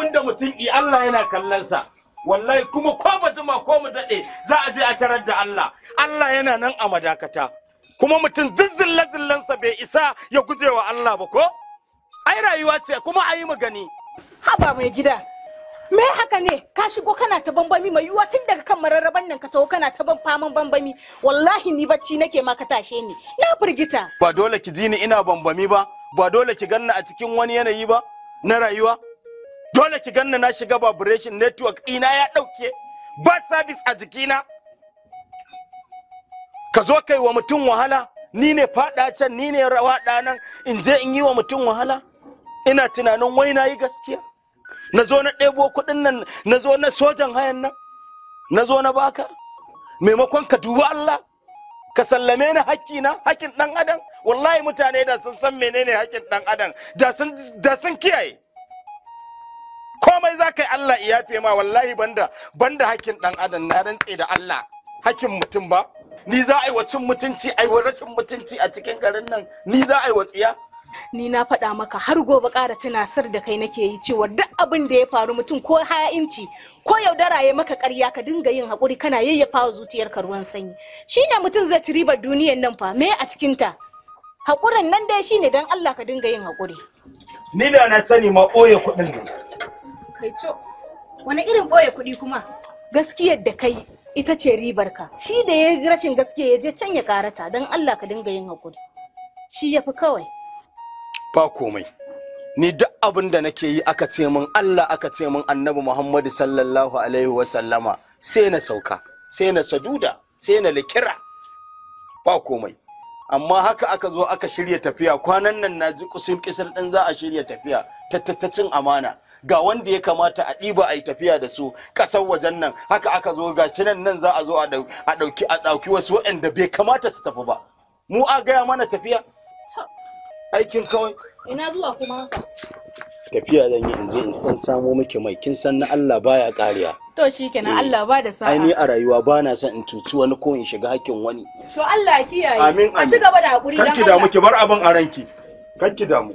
abin da mutum yi Allah yana kallonsa wallahi kuma ko mu ko mu daɗe za a je a tarar da Allah Allah yana nan a madakata kuma mutum duk bai isa ya guje wa Allah ba ko ai rayuwa ce kuma ai mu gani haba mai gida me haka ne ka shigo kana ta bambami mai yiwuwa tun daga kan mararraban nan ka taho kana ta ban faman bambami wallahi ni bacci nake ma tashe ni na firgita ba dole ki ji ni ina bambami ba ba dole ki ganna a cikin wani yanayi ba na rayuwa dole ki ganna na shiga vibration network ina ya dauke ba service a jikina ka zo kai wa mutum wahala ni ne fada can ni ne rawa nan in je in yi wa mutum wahala ina tunanin wai na yi gaskiya na zo na ɗebo kuɗin nan na zo na sojan hayan nan na zo na baka maimakon ka duba Allah ka sallame ni hakkina hakkin ɗan adam wallahi mutane da sun san menene hakkin ɗan adam da sun kiyaye komai za ka yi Allah ya ma wallahi banda banda hakkin dan adam na rantse da Allah hakkin mutum ba ni za a yi wa mutunci a yi wa rashin mutunci a cikin garin nan ni za a yi wa ni na faɗa maka har gobe ƙara tunasar da kai nake yi cewa duk abin da ya faru mutum ko haya ko yaudara ya maka ƙarya ka dinga yin haƙuri kana yayyafa wa zuciyar ka ruwan sanyi shine mutum zai ci ribar duniyar nan fa me a cikin ta haƙurin nan dai shine dan Allah ka dinga yin haƙuri ni da na sani ma ɓoye kuɗin nan kai wani irin ɓoye kuɗi kuma gaskiyar da kai ita ce ribar ka shi da ya yi rashin gaskiya ya je can ya karata don allah ka dinga yin hakuri shi ya fi kawai ba komai ni duk abin da nake yi aka ce min allah aka ce min annabi muhammadu sallallahu alaihi wasallama sai na sauka sai na saduda sai na likira ba komai amma haka aka zo aka shirya tafiya kwanan nan na ji kusur kisir din za a shirya tafiya ta amana ga wanda ya kamata a ɗiba a yi tafiya da su ƙasar wajen nan haka aka zo ga shi nan nan za a zo a ɗauki a ɗauki wasu waɗanda bai kamata su tafi ba mu a gaya mana tafiya aikin kawai ina zuwa kuma tafiya zan yi in je in san samo miki mai kin san na Allah baya ƙariya to shikenan eh. Allah ba da sa'a ai ni a rayuwa ba na son in tutu wani ko in shiga hakkin wani to Allah kiyaye a ci gaba da hakuri dan Allah kanki da muke bar abin a ranki kanki damu